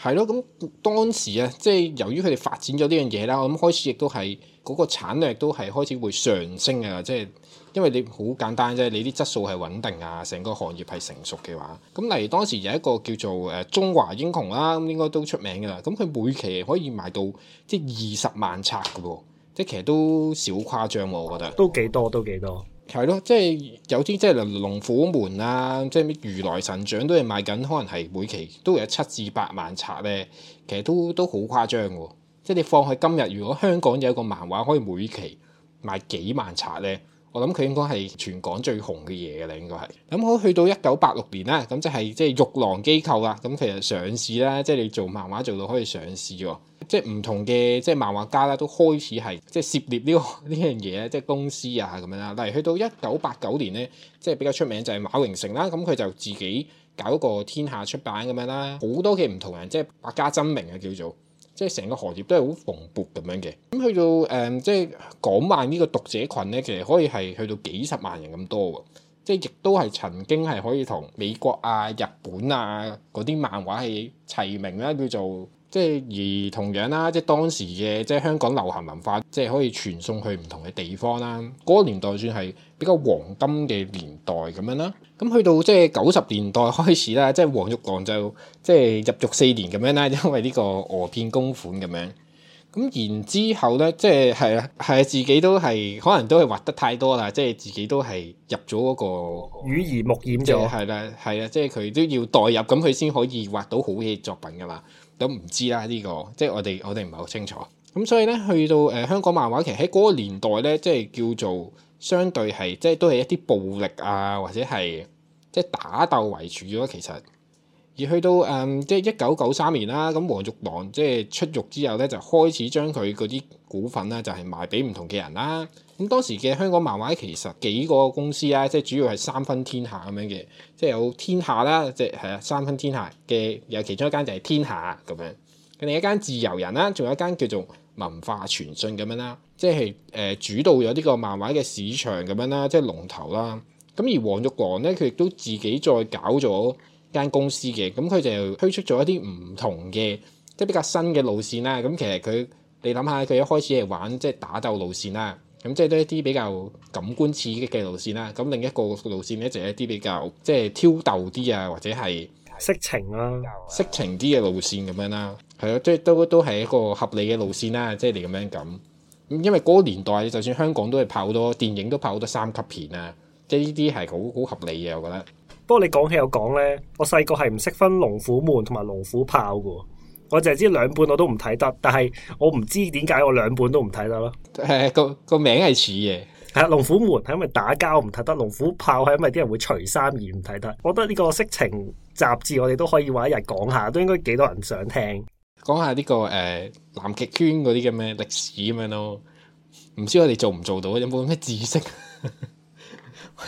係咯，咁當時啊，即係由於佢哋發展咗呢樣嘢啦，咁開始亦都係。嗰個產量都係開始會上升㗎喇，即係因為你好簡單啫，你啲質素係穩定啊，成個行業係成熟嘅話，咁例如當時有一個叫做誒《中華英雄》啦，咁應該都出名㗎啦，咁佢每期可以賣到即係二十萬冊㗎喎，即係其實都少誇張喎，我覺得。都幾多？都幾多？係咯，即係有啲即係龍虎門啊，即係咩如來神掌都係賣緊，可能係每期都有七至八萬冊咧，其實都都好誇張喎。即係你放喺今日，如果香港有一個漫畫可以每期賣幾萬冊咧，我諗佢應該係全港最紅嘅嘢啦，應該係。咁我去到一九八六年啦，咁、就是、即係即係玉郎機構啊，咁其實上市啦，即係你做漫畫做到可以上市喎，即係唔同嘅即係漫畫家啦，都開始係即係涉獵呢、呢個呢樣嘢咧，即係公司啊咁樣啦。例如去到一九八九年咧，即係比較出名就係馬榮成啦，咁佢就自己搞個天下出版咁樣啦，好多嘅唔同人即係百家爭鳴啊叫做。即係成個行業都係好蓬勃咁樣嘅，咁去到誒、嗯，即係港漫呢個讀者群咧，其實可以係去到幾十萬人咁多，即係亦都係曾經係可以同美國啊、日本啊嗰啲漫畫係齊名啦，叫做。即係而同樣啦，即係當時嘅即係香港流行文化，即係可以傳送去唔同嘅地方啦。嗰個年代算係比較黃金嘅年代咁樣啦。咁去到即係九十年代開始啦，即係黃玉郎就即係入獄四年咁樣啦，因為呢個訛騙公款咁樣。咁然之後咧，即係係啊，係啊，自己都係可能都係畫得太多啦，即係自己都係入咗嗰個耳濡目染啫。係啦，係啦，即係佢都要代入，咁佢先可以畫到好嘅作品噶嘛。都唔知啦呢個，即係我哋我哋唔係好清楚。咁所以咧，去到誒、呃、香港漫畫其實喺嗰個年代咧，即係叫做相對係即係都係一啲暴力啊，或者係即係打鬥為主咗。其實，而去到誒、呃、即係一九九三年啦，咁黃玉郎即係出獄之後咧，就開始將佢嗰啲股份啦、啊，就係賣俾唔同嘅人啦。咁當時嘅香港漫畫其實幾個公司啦、啊，即係主要係三分天下咁樣嘅，即係有天下啦，即係係啊三分天下嘅，有其中一間就係天下咁樣。佢另一間自由人啦、啊，仲有一間叫做文化傳訊咁樣啦，即係誒、呃、主導咗呢個漫畫嘅市場咁樣啦，即係龍頭啦、啊。咁而黃玉郎咧，佢亦都自己再搞咗間公司嘅。咁、嗯、佢就推出咗一啲唔同嘅即係比較新嘅路線啦、啊。咁、嗯、其實佢你諗下，佢一開始係玩即係打鬥路線啦、啊。咁即係都一啲比較感官刺激嘅路線啦、啊，咁另一個路線咧就係、是、一啲比較即係、就是、挑逗啲啊，或者係色情啦、啊、色情啲嘅路線咁樣啦、啊，係咯，即係都都係一個合理嘅路線啦、啊，即係你咁樣咁，因為嗰個年代就算香港都係拍好多電影，都拍好多三級片啊，即係呢啲係好好合理嘅，我覺得。不過你講起又講咧，我細個係唔識分龍虎門同埋龍虎豹嘅。我淨係知兩本我都唔睇得，但係我唔知點解我兩本都唔睇得咯。誒、呃、個,個名係似嘅，係啊，龍虎門係因為打交唔睇得，龍虎豹係因為啲人會除衫而唔睇得。我覺得呢個色情雜誌我哋都可以話一日講下，都應該幾多人想聽。講下呢、呢個誒、呃、南極圈嗰啲咁嘅歷史咁樣咯，唔知我哋做唔做到，有冇咩知識？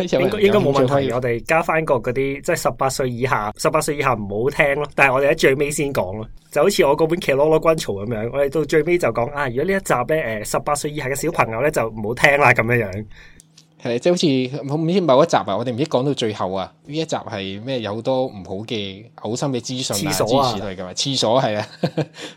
應該應該冇問題。我哋加翻個嗰啲，即係十八歲以下，十八歲以下唔好聽咯。但係我哋喺最尾先講咯，就好似我嗰本《奇洛洛君團》咁樣，我哋到最尾就講啊。如果呢一集咧，誒，十八歲以下嘅小朋友咧就唔好聽啦，咁樣樣。係，即係好似唔知某一集啊，我哋唔知講到最後啊，呢一集係咩？有好多唔好嘅嘔心嘅資訊啊，之類噶嘛。廁所係啊，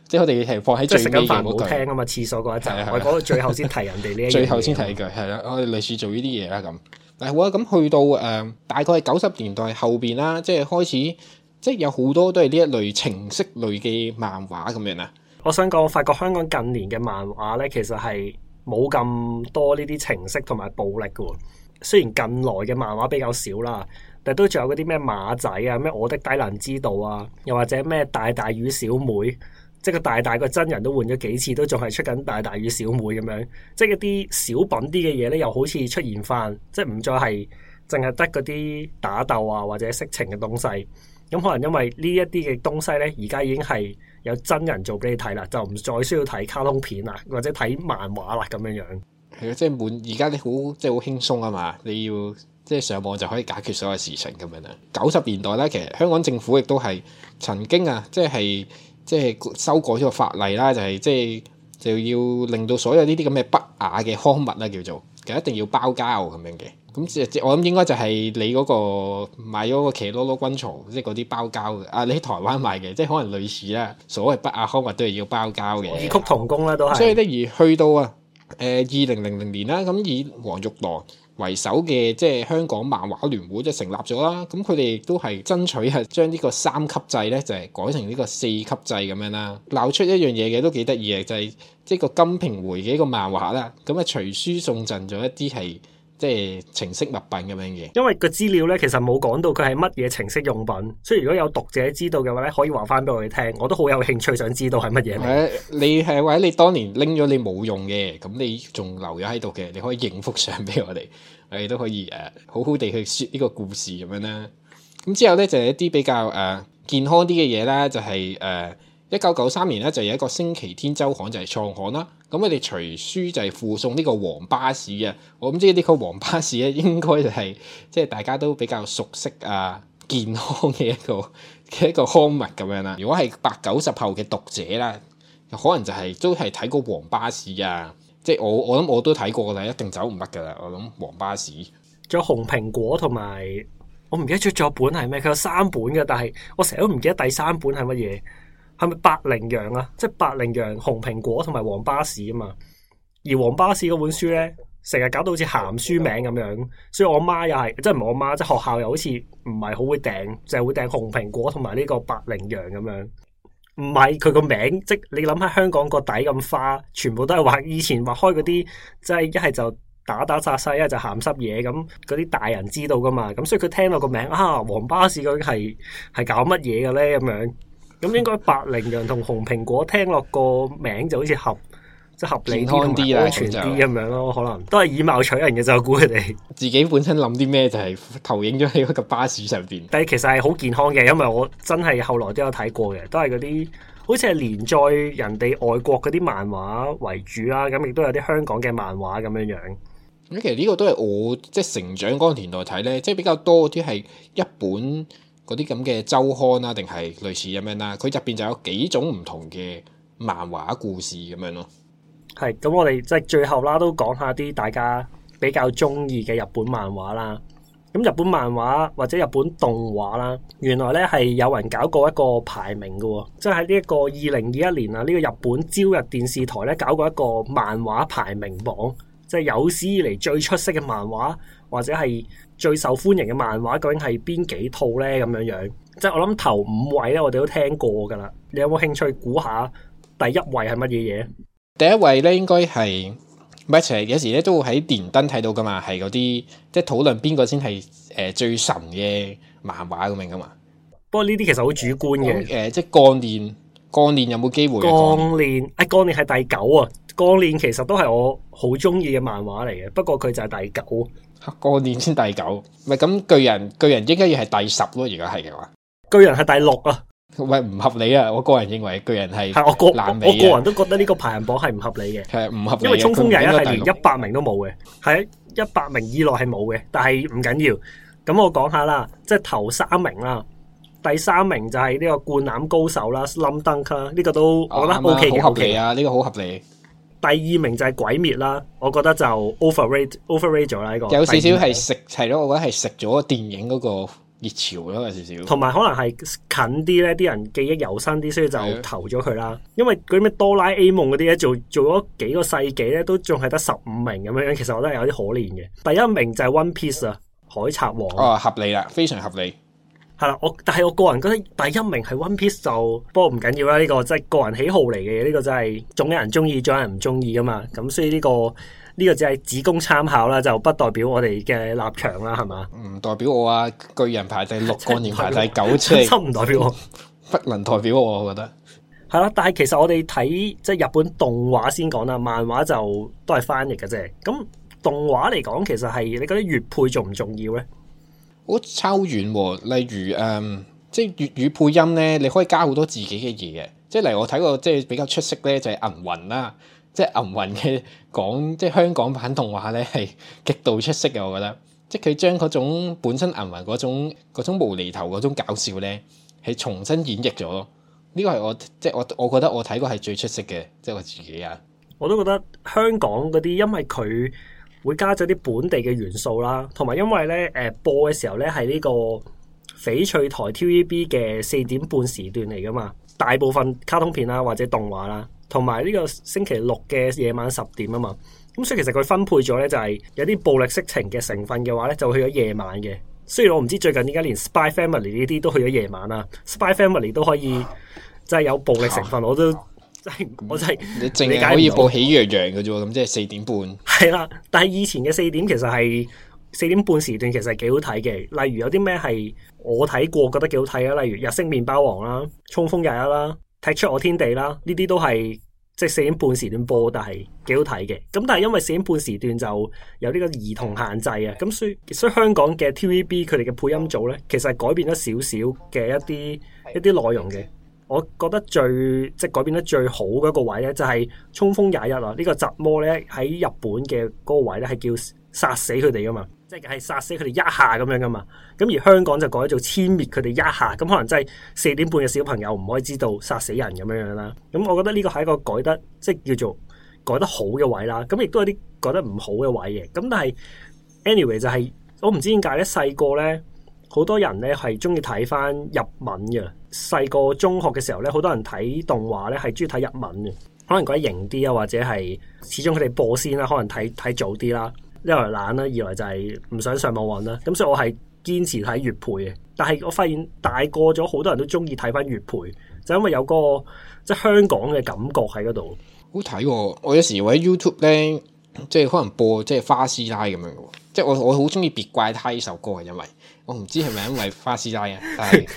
即係我哋係放喺最尾唔好聽啊嘛。廁所嗰一集，我講到最後先提人哋呢一集，最後先提一句，係啦， 我哋類似做呢啲嘢啦咁。嗱好啊，咁去到誒、呃、大概係九十年代後邊啦，即係開始即係有好多都係呢一類情色類嘅漫畫咁樣啊。我想講，我發覺香港近年嘅漫畫咧，其實係冇咁多呢啲情色同埋暴力嘅喎。雖然近來嘅漫畫比較少啦，但係都仲有嗰啲咩馬仔啊，咩我的低能之道啊，又或者咩大大與小妹。即係個大大個真人都換咗幾次，都仲係出緊大大與小妹咁樣。即係一啲小品啲嘅嘢咧，又好似出現翻，即係唔再係淨係得嗰啲打鬥啊或者色情嘅東西。咁、嗯、可能因為呢一啲嘅東西咧，而家已經係有真人做俾你睇啦，就唔再需要睇卡通片啦，或者睇漫畫啦，咁樣樣係啊。即係滿而家你好即係好輕鬆啊嘛。你要即係上網就可以解決所有事情咁樣啦。九十年代咧，其實香港政府亦都係曾經啊，即係。即係修改咗個法例啦，就係、是、即係就要令到所有呢啲咁嘅不雅嘅刊物啦，叫做其實一定要包膠咁樣嘅。咁即即我諗應該就係你嗰、那個買嗰個奇羅羅軍曹，即係嗰啲包膠嘅。啊，你喺台灣買嘅，即係可能類似啦，所謂不雅刊物都係要包膠嘅。異曲同工啦，都係。所以咧，而去到啊，誒二零零零年啦，咁、嗯、以黃玉郎。為首嘅即係香港漫畫聯會就成立咗啦，咁佢哋亦都係爭取係將呢個三級制咧，就係、是、改成呢個四級制咁樣啦。鬧出一樣嘢嘅都幾得意嘅，就係即係《金瓶梅》嘅一個漫畫啦，咁啊隨書送贈咗一啲係。即係情色物品咁樣嘅，因為個資料咧其實冇講到佢係乜嘢情色用品，所以如果有讀者知道嘅話咧，可以話翻俾我哋聽，我都好有興趣想知道係乜嘢。誒、啊，你係或者你當年拎咗你冇用嘅，咁你仲留咗喺度嘅，你可以影幅相俾我哋，我哋都可以誒、啊、好好地去說呢個故事咁樣啦。咁之後咧就係、是、一啲比較誒、啊、健康啲嘅嘢啦，就係、是、誒。啊一九九三年咧，就有一個星期天周刊就係、是、創刊啦。咁佢哋隨書就係附送呢個黃巴士啊。我諗呢個黃巴士咧、就是，應該就係即係大家都比較熟悉啊健康嘅一個嘅一個刊物咁樣啦。如果係八九十後嘅讀者啦，可能就係、是、都係睇過黃巴士啊。即係我我諗我都睇過噶啦，一定走唔甩噶啦。我諗黃巴士仲有紅蘋果同埋，我唔記得出咗本係咩，佢有三本噶，但係我成日都唔記得第三本係乜嘢。係咪《是是白羚羊》啊？即係《白羚羊》、《紅蘋果》同埋《黃巴士》啊嘛。而《黃巴士》嗰本書咧，成日搞到好似鹹書名咁樣，所以我媽又係，即係唔係我媽，即係學校又好似唔係好會訂，淨係會訂《紅蘋果》同埋呢個《白羚羊》咁樣。唔係佢個名，即你諗下香港個底咁花，全部都係畫以前畫開嗰啲，即係一係就打打殺殺，一係就鹹濕嘢咁。嗰啲大人知道噶嘛，咁所以佢聽到個名啊，《黃巴士》究竟係搞乜嘢嘅咧？咁樣。咁 應該，《白羚羊》同《紅蘋果》聽落個名就好似合，即係合理啲安全啲咁樣咯。可能都係以貌取人嘅，就估佢哋自己本身諗啲咩，就係投影咗喺一個巴士上邊。但係其實係好健康嘅，因為我真係後來都有睇過嘅，都係嗰啲好似係連載人哋外國嗰啲漫畫為主啦。咁亦都有啲香港嘅漫畫咁樣樣。咁其實呢個都係我即係成長嗰個年代睇咧，即係比較多啲係一本。嗰啲咁嘅周刊啊，定係類似咁樣啦，佢入邊就有幾種唔同嘅漫畫故事咁樣咯。係，咁我哋即係最後啦，都講下啲大家比較中意嘅日本漫畫啦。咁日本漫畫或者日本動畫啦，原來咧係有人搞過一個排名嘅，即係喺呢一個二零二一年啊，呢個日本朝日電視台咧搞過一個漫畫排名榜，即係有史以嚟最出色嘅漫畫或者係。最受歡迎嘅漫畫究竟係邊幾套咧？咁樣樣，即係我諗頭五位咧，我哋都聽過噶啦。你有冇興趣估下第一位係乜嘢嘢？第一位咧，應該係唔係？其實有時咧都會喺連登睇到噶嘛，係嗰啲即係討論邊個先係誒最神嘅漫畫咁樣噶嘛。不過呢啲其實好主觀嘅，誒、呃，即係鋼煉，鋼煉有冇機會？鋼煉，啊、哎，鋼煉係第九啊。鋼煉其實都係我好中意嘅漫畫嚟嘅，不過佢就係第九。過年先第九，咪咁巨人巨人應該要係第十咯，而家係嘅話，巨人係第六啊，喂唔合理啊！我個人認為巨人係係我個我個人都覺得呢個排行榜係唔合理嘅，係唔合理，因為衝鋒廿一係連一百名都冇嘅，係一百名以內係冇嘅，但係唔緊要。咁我講下啦，即係頭三名啦，第三名就係呢個灌籃高手啦，Slam Dunk 呢個都我覺得 OK，好合理啊，呢個好合理。第二名就係鬼滅啦，我覺得就 overrate overrate 咗啦、這、呢個，有少少係食係咯，我覺得係食咗電影嗰個熱潮咯，有少少。同埋可能係近啲咧，啲人記憶猶新啲，所以就投咗佢啦。的因為嗰啲咩哆啦 A 夢嗰啲咧，做做咗幾個世紀咧，都仲係得十五名咁樣，其實我覺得係有啲可憐嘅。第一名就係 One Piece 啊，海賊王啊，合理啦，非常合理。係啦，我但係我個人覺得第一名係 One Piece 就，不過唔緊要啦，呢、這個即係個人喜好嚟嘅，呢、這個真係，總有人中意，總有人唔中意噶嘛。咁所以呢、這個呢、這個就係只供參考啦，就不代表我哋嘅立場啦，係嘛？唔代表我啊，巨人排第六個，過年排第九，真係唔代表我，不能代表我，我覺得係啦。但係其實我哋睇即係日本動畫先講啦，漫畫就都係翻譯嘅啫。咁動畫嚟講，其實係你覺得粵配重唔重要咧？我抄完喎，例如誒、嗯，即係粵語配音咧，你可以加好多自己嘅嘢嘅。即係例如我睇過，即係比較出色咧，就係銀魂啦，即係銀魂嘅講，即係香港版動畫咧係極度出色嘅，我覺得。即係佢將嗰種本身銀魂嗰種嗰種無厘頭嗰種搞笑咧，係重新演繹咗囉。呢、這個係我即係我我覺得我睇過係最出色嘅，即係我自己啊！我都覺得香港嗰啲，因為佢，會加咗啲本地嘅元素啦，同埋因為咧誒、呃、播嘅時候咧係呢個翡翠台 TVB 嘅四點半時段嚟㗎嘛，大部分卡通片啦或者動畫啦，同埋呢個星期六嘅夜晚十點啊嘛，咁所以其實佢分配咗咧就係、是、有啲暴力色情嘅成分嘅話咧就去咗夜晚嘅。雖然我唔知最近點解連 Spy Family Spy Family 呢啲都去咗夜晚啊，Spy Family 都可以就係有暴力成分， 我都。 我就係、是，嗯、你淨可以播喜羊羊嘅啫喎，咁即係四點半。係啦， 但係以前嘅四點其實係四點半時段，其實係幾好睇嘅。例如有啲咩係我睇過，覺得幾好睇啊！例如《日式麵包王》啦，《衝鋒廿一》啦，《踢出我天地》啦，呢啲都係即係四點半時段播，但係幾好睇嘅。咁但係因為四點半時段就有呢個兒童限制啊，咁所以所以香港嘅 TVB 佢哋嘅配音組咧，其實係改變咗少少嘅一啲一啲內容嘅。我覺得最即係改變得最好嘅一個位咧，就係、是、衝鋒廿一啊！這個、呢個集魔咧喺日本嘅嗰位咧係叫殺死佢哋噶嘛，即係係殺死佢哋一下咁樣噶嘛。咁而香港就改做殲滅佢哋一下，咁可能真係四點半嘅小朋友唔可以知道殺死人咁樣樣啦。咁我覺得呢個係一個改得即係叫做改得好嘅位啦。咁亦都有啲改得唔好嘅位嘅。咁但係 anyway 就係、是、我唔知點解咧細個咧。好多人咧係中意睇翻日文嘅，細個中學嘅時候咧，好多人睇動畫咧係中意睇日文嘅，可能覺得型啲啊，或者係始終佢哋播先啦，可能睇睇早啲啦，一來懶啦，二來就係唔想上網揾啦。咁所以我係堅持睇粵配嘅，但係我發現大個咗，好多人都中意睇翻粵配，就因為有個即係香港嘅感覺喺嗰度。好睇喎、哦！我有時喺 YouTube 咧，即係可能播即係花師奶咁樣嘅，即係我我好中意別怪他呢首歌，係因為。我唔知係咪因為花師奶啊，但係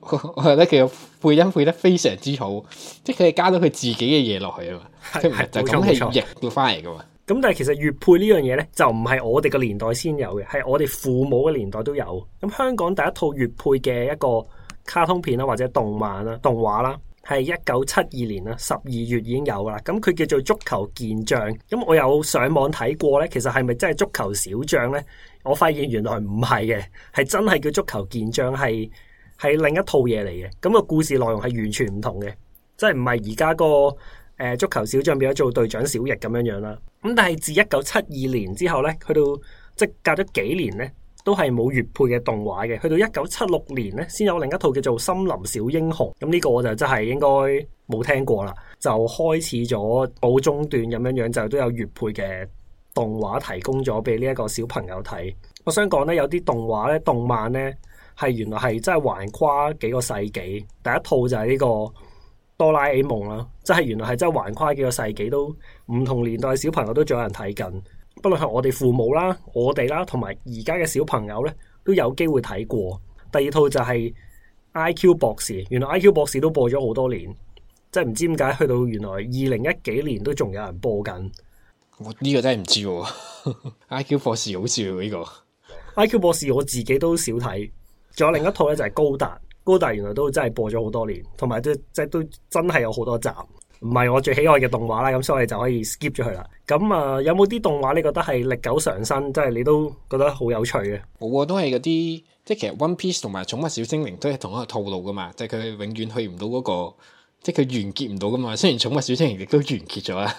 我覺得佢嘅配音配得非常之好，即係佢係加咗佢自己嘅嘢落去啊嘛，是就係就講係叫翻嚟㗎嘛。咁但係其實粵配呢樣嘢咧，就唔係我哋個年代先有嘅，係我哋父母嘅年代都有。咁香港第一套粵配嘅一個卡通片啦，或者動漫啦、動畫啦。係一九七二年啦，十二月已經有啦。咁佢叫做足球健將。咁我有上網睇過呢，其實係咪真係足球小將呢？我發現原來唔係嘅，係真係叫足球健將，係係另一套嘢嚟嘅。咁個故事內容係完全唔同嘅，即係唔係而家個足球小將變咗做隊長小翼咁樣樣啦。咁但係自一九七二年之後呢，去到即隔咗幾年呢，都係冇粵配嘅動畫嘅，去到一九七六年呢，先有另一套叫做《森林小英雄》。咁呢個我就真係應該冇聽過啦。就開始咗冇中斷咁樣樣，就都有粵配嘅動畫提供咗俾呢一個小朋友睇。我想講呢，有啲動畫呢，動漫呢，係原來係真係橫跨幾個世紀。第一套就係呢個《哆啦 A 夢》啦，即係原來係真係橫跨幾個世紀都唔同年代小朋友都仲有人睇緊。不論係我哋父母啦、我哋啦，同埋而家嘅小朋友咧，都有機會睇過。第二套就係 I Q 博士，原來 I Q 博士都播咗好多年，即係唔知點解去到原來二零一幾年都仲有人播緊。呢、呢個真係唔知喎、啊 啊呢個、，I Q 博士好笑呢個。I Q 博士我自己都少睇，仲有另一套咧就係高達，高達原來都真係播咗好多年，同埋都即係都真係有好多集。唔係我最喜愛嘅動畫啦，咁所以我哋就可以 skip 咗佢啦。咁啊，有冇啲動畫你覺得係歷久常新？即係你都覺得好有趣嘅？冇啊，都係嗰啲，即係其實 One Piece 同埋寵物小精靈都係同一個套路噶嘛，即係佢永遠去唔到嗰個，即係佢完結唔到噶嘛。雖然寵物小精靈亦都完結咗啦，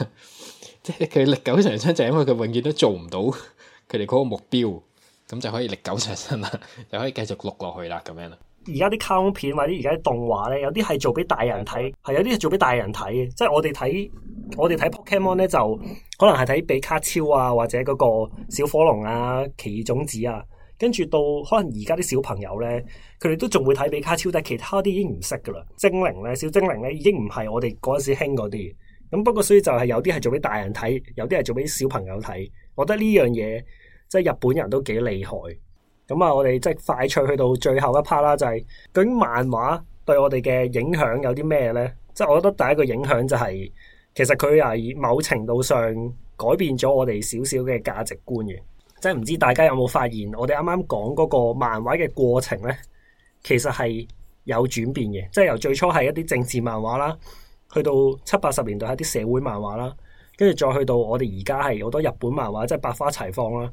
即係佢歷久常新就係因為佢永遠都做唔到佢哋嗰個目標，咁就可以歷久常新啦，就可以繼續碌落去啦，咁樣啦。而家啲卡通片或者而家啲動畫咧，有啲係做俾大人睇，係有啲係做俾大人睇嘅。即係我哋睇我哋睇 Pokemon 咧，就可能係睇比卡超啊，或者嗰個小火龍啊、奇異種子啊。跟住到可能而家啲小朋友咧，佢哋都仲會睇比卡超，但係其他啲已經唔識㗎喇。精靈咧，小精靈咧，已經唔係我哋嗰陣時興嗰啲。咁不過所以就係有啲係做俾大人睇，有啲係做俾小朋友睇。我覺得呢樣嘢即係日本人都幾厲害。咁啊，我哋即係快脆去到最後一 part 啦，就係、是、究竟漫畫對我哋嘅影響有啲咩咧？即係我覺得第一個影響就係、是、其實佢係某程度上改變咗我哋少少嘅價值觀嘅。即係唔知大家有冇發現，我哋啱啱講嗰個漫畫嘅過程咧，其實係有轉變嘅。即係由最初係一啲政治漫畫啦，去到七八十年代係一啲社會漫畫啦，跟住再去到我哋而家係好多日本漫畫，即係百花齊放啦，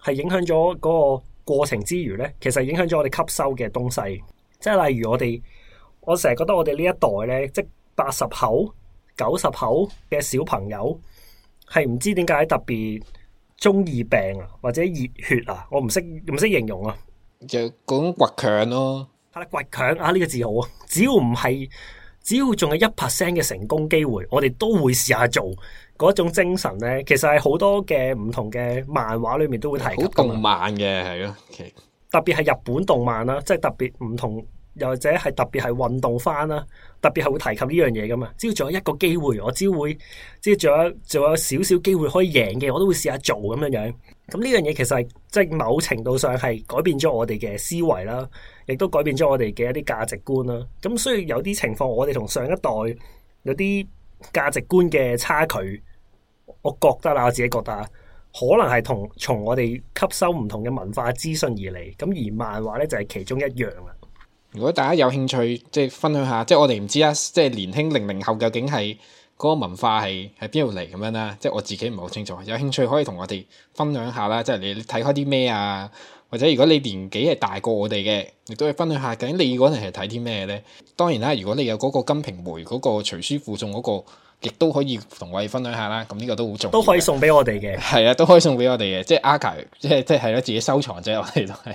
係影響咗嗰、那個。過程之餘呢，其實影響咗我哋吸收嘅東西，即係例如我哋，我成日覺得我哋呢一代呢，即八十口、九十口嘅小朋友，係唔知點解特別中意病啊，或者熱血啊，我唔識唔識形容啊，就講倔強咯，係啦，倔強啊呢個字好啊，只要唔係。只要仲有一 percent 嘅成功機會，我哋都會試下做。嗰種精神咧，其實係好多嘅唔同嘅漫畫裏面都會提及。動漫嘅係咯，特別係日本動漫啦，即係特別唔同。又或者係特別係運動翻啦、啊，特別係會提及呢樣嘢噶嘛。只要仲有一個機會，我只會即係仲有仲有少少機會可以贏嘅，我都會試下做咁樣樣。咁呢樣嘢其實係即係某程度上係改變咗我哋嘅思維啦，亦都改變咗我哋嘅一啲價值觀啦。咁所以有啲情況，我哋同上一代有啲價值觀嘅差距，我覺得啦，我自己覺得啊，可能係同從我哋吸收唔同嘅文化資訊而嚟。咁而漫畫咧就係、是、其中一樣啦。如果大家有興趣，即係分享下，即係我哋唔知啊，即係年輕零零後究竟係嗰個文化係喺邊度嚟咁樣啦？即係我自己唔係好清楚，有興趣可以同我哋分享下啦。即係你睇開啲咩啊？或者如果你年紀係大過我哋嘅，亦都可以分享下，究竟你嗰陣係睇啲咩咧？當然啦，如果你有嗰個《金瓶梅》嗰個隨書附送嗰個，亦都可以同我哋分享下啦。咁呢個都好重要，都可以送俾我哋嘅，係啊，都可以送俾我哋嘅，即係 archive，即係即係自己收藏啫。我哋都係。